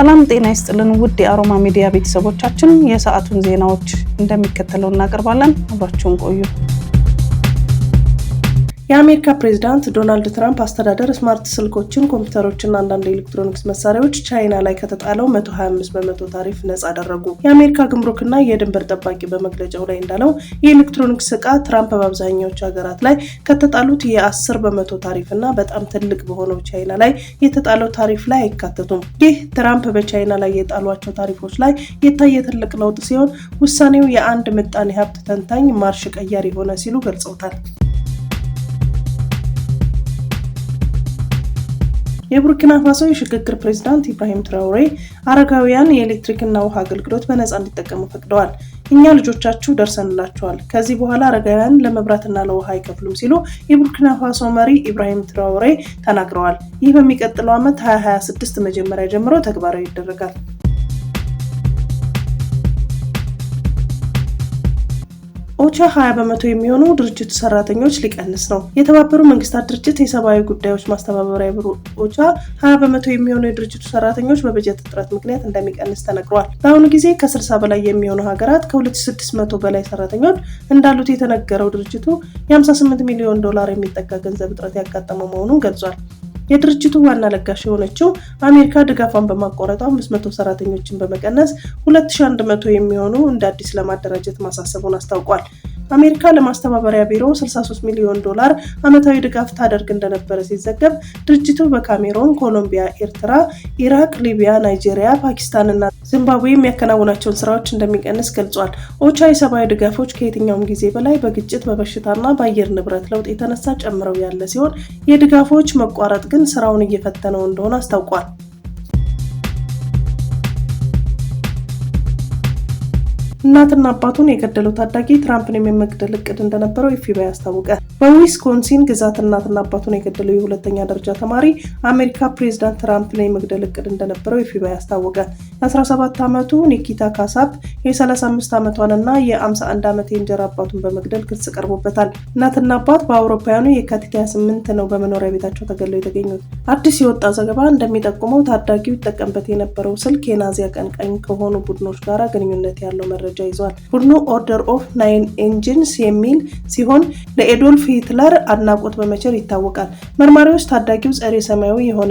ሰላም ጤና ይስጥልን ውድ የአሮማ ሚዲያ ቤተሰቦቻችን፣ የሰዓቱን ዜናዎች እንደሚከተለው እናቀርባለን። አብራችሁን ቆዩ። የአሜሪካ ፕሬዚዳንት ዶናልድ ትራምፕ አስተዳደር ስማርት ስልኮችን፣ ኮምፒውተሮችና አንዳንድ የኤሌክትሮኒክስ መሳሪያዎች ቻይና ላይ ከተጣለው 125 በመቶ ታሪፍ ነጻ አደረጉ። የአሜሪካ ግምሩክና የድንበር ጠባቂ በመግለጫው ላይ እንዳለው የኤሌክትሮኒክስ እቃ ትራምፕ በአብዛኛዎቹ ሀገራት ላይ ከተጣሉት የ10 በመቶ ታሪፍና በጣም ትልቅ በሆነው ቻይና ላይ የተጣለው ታሪፍ ላይ አይካተቱም። ይህ ትራምፕ በቻይና ላይ የጣሏቸው ታሪፎች ላይ የታየ ትልቅ ለውጥ ሲሆን ውሳኔው የአንድ ምጣኔ ሀብት ተንታኝ ማርሽ ቀያር የሆነ ሲሉ ገልጸውታል። የቡርኪና ፋሶ የሽግግር ፕሬዚዳንት ኢብራሂም ትራውሬ አረጋውያን የኤሌክትሪክና ውሃ አገልግሎት በነፃ እንዲጠቀሙ ፈቅደዋል። እኛ ልጆቻችሁ ደርሰንላችኋል፣ ከዚህ በኋላ አረጋውያን ለመብራትና ለውሃ አይከፍሉም ሲሉ የቡርኪና ፋሶ መሪ ኢብራሂም ትራውሬ ተናግረዋል። ይህ በሚቀጥለው ዓመት 2026 መጀመሪያ ጀምሮ ተግባራዊ ይደረጋል። ኦቻ 20 በመቶ የሚሆኑ ድርጅቱ ሰራተኞች ሊቀንስ ነው። የተባበሩ መንግስታት ድርጅት የሰብአዊ ጉዳዮች ማስተባበሪያ ቢሮ ኦቻ 20 በመቶ የሚሆኑ የድርጅቱ ሰራተኞች በበጀት እጥረት ምክንያት እንደሚቀንስ ተነግሯል። በአሁኑ ጊዜ ከ60 በላይ የሚሆኑ ሀገራት ከ2600 በላይ ሰራተኞች እንዳሉት የተነገረው ድርጅቱ የ58 ሚሊዮን ዶላር የሚጠጋ ገንዘብ እጥረት ያጋጠመው መሆኑን ገልጿል። የድርጅቱ ዋና ለጋሽ የሆነችው አሜሪካ ድጋፏን በማቋረጧ 500 ሰራተኞችን በመቀነስ 2100 የሚሆኑ እንደ አዲስ ለማደራጀት ማሳሰቡን አስታውቋል። አሜሪካ ለማስተባበሪያ ቢሮ 63 ሚሊዮን ዶላር ዓመታዊ ድጋፍ ታደርግ እንደነበረ ሲዘገብ ድርጅቱ በካሜሮን፣ ኮሎምቢያ፣ ኤርትራ፣ ኢራቅ፣ ሊቢያ፣ ናይጄሪያ፣ ፓኪስታን እና ዚምባብዌ የሚያከናውናቸውን ስራዎች እንደሚቀንስ ገልጿል። ኦቻ የሰብአዊ ድጋፎች ከየትኛውም ጊዜ በላይ በግጭት በበሽታና በአየር ንብረት ለውጥ የተነሳ ጨምረው ያለ ሲሆን የድጋፎች መቋረጥ ግን ስራውን እየፈተነው እንደሆነ አስታውቋል። እናትና አባቱን የገደለው ታዳጊ ትራምፕን የመግደል እቅድ እንደነበረው ኤፍቢአይ አስታወቀ። በዊስኮንሲን ግዛት እናትና አባቱን የገደለው የሁለተኛ ደረጃ ተማሪ አሜሪካ ፕሬዚዳንት ትራምፕን የመግደል እቅድ እንደነበረው ኤፍቢአይ አስታወቀ። የ17 ዓመቱ ኒኪታ ካሳፕ የ35 ዓመቷንና የ51 ዓመት የእንጀራ አባቱን በመግደል ክስ ቀርቦበታል። እናትና አባት በአውሮፓውያኑ የካቲት 28 ነው በመኖሪያ ቤታቸው ተገለው የተገኙት። አዲስ የወጣ ዘገባ እንደሚጠቁመው ታዳጊው ይጠቀምበት የነበረው ስልክ የናዚ አቀንቃኝ ከሆኑ ቡድኖች ጋር ግንኙነት ያለው መረጃ እርምጃ ይዟል። ቡድኑ ኦርደር ኦፍ ናይን ኢንጂንስ የሚል ሲሆን ለኤዶልፍ ሂትለር አድናቆት በመቸር ይታወቃል። መርማሪዎች ታዳጊው ጸሬ ሰማያዊ የሆነ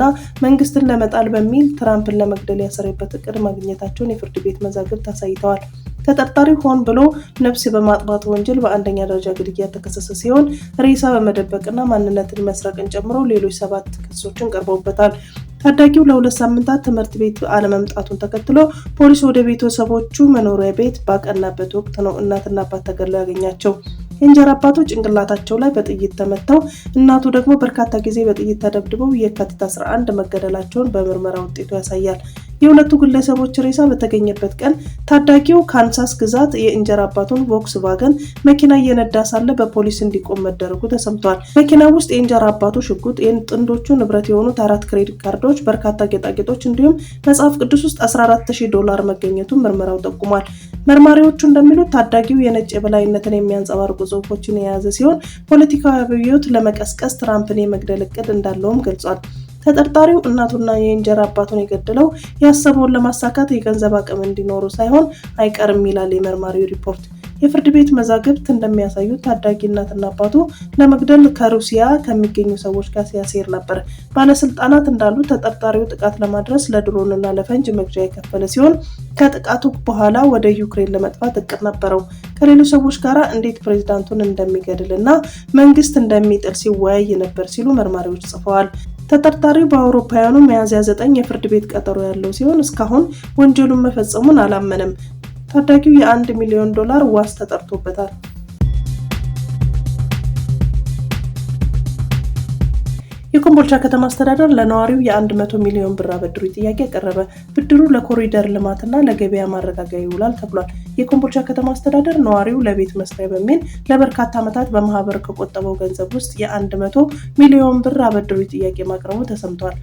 ና መንግስትን ለመጣል በሚል ትራምፕን ለመግደል ያሰረበት እቅድ ማግኘታቸውን የፍርድ ቤት መዛግብት አሳይተዋል። ተጠርጣሪ ሆን ብሎ ነፍስ በማጥባት ወንጀል በአንደኛ ደረጃ ግድያ ተከሰሰ ሲሆን ሬሳ በመደበቅና ማንነትን መስረቅን ጨምሮ ሌሎች ሰባት ክሶችን ቀርበውበታል። ታዳጊው ለሁለት ሳምንታት ትምህርት ቤት አለመምጣቱን ተከትሎ ፖሊስ ወደ ቤተሰቦቹ መኖሪያ ቤት ባቀናበት ወቅት ነው እናትና አባት ተገድለው ያገኛቸው። የእንጀራ አባቱ ጭንቅላታቸው ላይ በጥይት ተመተው እናቱ ደግሞ በርካታ ጊዜ በጥይት ተደብድበው የካቲት 11 መገደላቸውን በምርመራ ውጤቱ ያሳያል። የሁለቱ ግለሰቦች ሬሳ በተገኘበት ቀን ታዳጊው ካንሳስ ግዛት የእንጀራ አባቱን ቮክስ ቫገን መኪና እየነዳ ሳለ በፖሊስ እንዲቆም መደረጉ ተሰምቷል። መኪና ውስጥ የእንጀራ አባቱ ሽጉጥ፣ የጥንዶቹ ንብረት የሆኑት አራት ክሬዲት ካርዶች፣ በርካታ ጌጣጌጦች እንዲሁም መጽሐፍ ቅዱስ ውስጥ 140 ዶላር መገኘቱን ምርመራው ጠቁሟል። መርማሪዎቹ እንደሚሉት ታዳጊው የነጭ የበላይነትን የሚያንጸባርቁ ጽሑፎችን የያዘ ሲሆን ፖለቲካዊ አብዮት ለመቀስቀስ ትራምፕን የመግደል እቅድ እንዳለውም ገልጿል። ተጠርጣሪው እናቱና የእንጀራ አባቱን የገደለው ያሰበውን ለማሳካት የገንዘብ አቅም እንዲኖሩ ሳይሆን አይቀርም ይላል የመርማሪው ሪፖርት። የፍርድ ቤት መዛግብት እንደሚያሳዩት ታዳጊ እናትና አባቱ ለመግደል ከሩሲያ ከሚገኙ ሰዎች ጋር ሲያሴር ነበር። ባለስልጣናት እንዳሉ ተጠርጣሪው ጥቃት ለማድረስ ለድሮንና ለፈንጅ መግዣ የከፈለ ሲሆን ከጥቃቱ በኋላ ወደ ዩክሬን ለመጥፋት እቅድ ነበረው። ከሌሎች ሰዎች ጋር እንዴት ፕሬዚዳንቱን እንደሚገድል እና መንግስት እንደሚጥል ሲወያይ ነበር ሲሉ መርማሪዎች ጽፈዋል። ተጠርጣሪው በአውሮፓውያኑ ሚያዝያ 9 የፍርድ ቤት ቀጠሮ ያለው ሲሆን እስካሁን ወንጀሉን መፈጸሙን አላመነም። ታዳጊው የአንድ ሚሊዮን ዶላር ዋስ ተጠርቶበታል። የኮምቦልቻ ከተማ አስተዳደር ለነዋሪው የ100 ሚሊዮን ብር አበድሩ ጥያቄ ያቀረበ። ብድሩ ለኮሪደር ልማትና ለገበያ ማረጋጋያ ይውላል ተብሏል። የኮምቦልቻ ከተማ አስተዳደር ነዋሪው ለቤት መስሪያ በሚል ለበርካታ ዓመታት በማህበር ከቆጠበው ገንዘብ ውስጥ የ100 ሚሊዮን ብር አበድሩ ጥያቄ ማቅረቡ ተሰምቷል።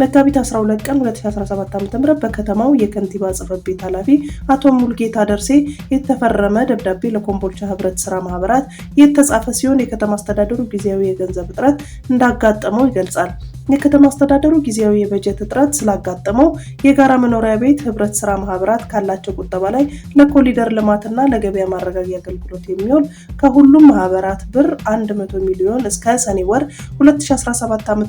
መጋቢት 12 ቀን 2017 ዓ.ም በከተማው የከንቲባ ጽሕፈት ቤት ኃላፊ አቶ ሙልጌታ ደርሴ የተፈረመ ደብዳቤ ለኮምቦልቻ ህብረት ስራ ማህበራት የተጻፈ ሲሆን የከተማ አስተዳደሩ ጊዜያዊ የገንዘብ እጥረት እንዳጋጠመው ይገልጻል። የከተማ አስተዳደሩ ጊዜያዊ የበጀት እጥረት ስላጋጠመው የጋራ መኖሪያ ቤት ህብረት ስራ ማህበራት ካላቸው ቁጠባ ላይ ለኮሊደር ልማትና ለገበያ ማረጋጊያ አገልግሎት የሚውል ከሁሉም ማህበራት ብር 100 ሚሊዮን እስከ ሰኔ ወር 2017 ዓ ም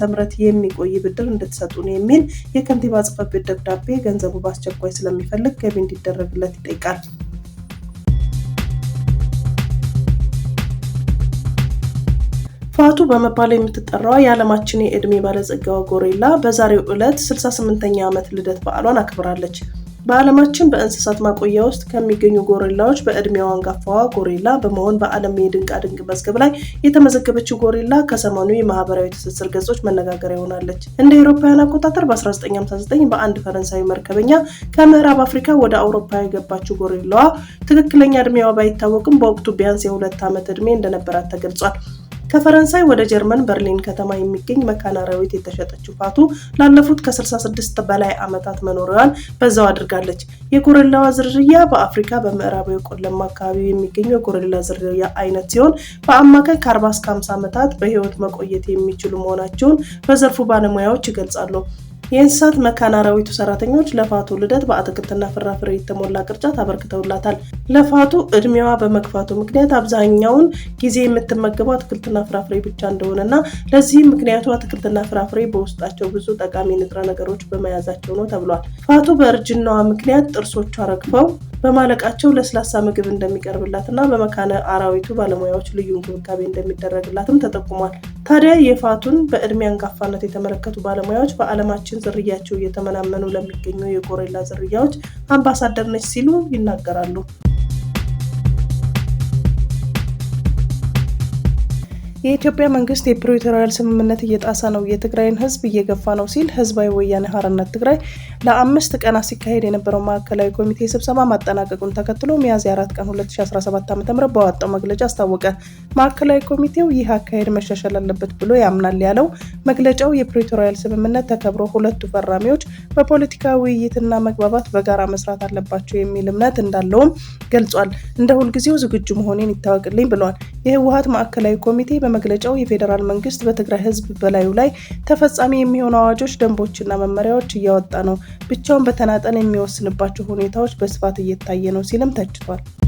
የሚቆይ ብድር እንድትሰጡን የሚል የከንቲባ ጽፈት ቤት ደብዳቤ ገንዘቡ በአስቸኳይ ስለሚፈልግ ገቢ እንዲደረግለት ይጠይቃል። ፋቱ በመባል የምትጠራዋ የዓለማችን የዕድሜ ባለጸጋዋ ጎሪላ በዛሬው ዕለት 68ኛ ዓመት ልደት በዓሏን አክብራለች። በዓለማችን በእንስሳት ማቆያ ውስጥ ከሚገኙ ጎሪላዎች በዕድሜዋ አንጋፋዋ ጎሪላ በመሆን በዓለም የድንቃ ድንቅ መዝገብ ላይ የተመዘገበችው ጎሪላ ከሰሞኑ የማህበራዊ ትስስር ገጾች መነጋገሪያ ሆናለች። እንደ አውሮፓውያን አቆጣጠር በ1959 በአንድ ፈረንሳዊ መርከበኛ ከምዕራብ አፍሪካ ወደ አውሮፓ የገባችው ጎሪላዋ ትክክለኛ ዕድሜዋ ባይታወቅም በወቅቱ ቢያንስ የሁለት ዓመት ዕድሜ እንደነበራት ተገልጿል። ከፈረንሳይ ወደ ጀርመን በርሊን ከተማ የሚገኝ መካነ አራዊት የተሸጠችው ፋቱ ላለፉት ከ66 በላይ ዓመታት መኖሪያዋን በዛው አድርጋለች። የጎሪላዋ ዝርያ በአፍሪካ በምዕራባዊ ቆለማ አካባቢ የሚገኙ የጎሪላ ዝርያ አይነት ሲሆን በአማካይ ከ40 እስከ 50 ዓመታት በህይወት መቆየት የሚችሉ መሆናቸውን በዘርፉ ባለሙያዎች ይገልጻሉ። የእንስሳት መካነ አራዊቱ ሰራተኞች ለፋቱ ልደት በአትክልትና ፍራፍሬ የተሞላ ቅርጫት አበርክተውላታል። ለፋቱ እድሜዋ በመግፋቱ ምክንያት አብዛኛውን ጊዜ የምትመገበው አትክልትና ፍራፍሬ ብቻ እንደሆነና ለዚህም ምክንያቱ አትክልትና ፍራፍሬ በውስጣቸው ብዙ ጠቃሚ ንጥረ ነገሮች በመያዛቸው ነው ተብሏል። ፋቱ በእርጅናዋ ምክንያት ጥርሶቿ ረግፈው በማለቃቸው ለስላሳ ምግብ እንደሚቀርብላት እና በመካነ አራዊቱ ባለሙያዎች ልዩ እንክብካቤ እንደሚደረግላትም ተጠቁሟል። ታዲያ የፋቱን በእድሜ አንጋፋነት የተመለከቱ ባለሙያዎች በዓለማችን ዝርያቸው እየተመናመኑ ለሚገኙ የጎሬላ ዝርያዎች አምባሳደር ነች ሲሉ ይናገራሉ። የኢትዮጵያ መንግስት የፕሪቶሪያል ስምምነት እየጣሰ ነው፣ የትግራይን ህዝብ እየገፋ ነው ሲል ህዝባዊ ወያኔ ሀርነት ትግራይ ለአምስት ቀናት ሲካሄድ የነበረው ማዕከላዊ ኮሚቴ ስብሰባ ማጠናቀቁን ተከትሎ ሚያዝያ 4 ቀን 2017 ዓ.ም በወጣው መግለጫ አስታወቀ። ማዕከላዊ ኮሚቴው ይህ አካሄድ መሻሻል አለበት ብሎ ያምናል ያለው መግለጫው የፕሪቶሪያል ስምምነት ተከብሮ ሁለቱ ፈራሚዎች በፖለቲካ ውይይትና መግባባት በጋራ መስራት አለባቸው የሚል እምነት እንዳለውም ገልጿል። እንደ ሁልጊዜው ዝግጁ መሆኔን ይታወቅልኝ ብለዋል። የህወሀት ማዕከላዊ ኮሚቴ መግለጫው የፌዴራል መንግስት በትግራይ ህዝብ በላዩ ላይ ተፈጻሚ የሚሆኑ አዋጆች፣ ደንቦችና መመሪያዎች እያወጣ ነው፣ ብቻውን በተናጠል የሚወስንባቸው ሁኔታዎች በስፋት እየታየ ነው ሲልም ተችቷል።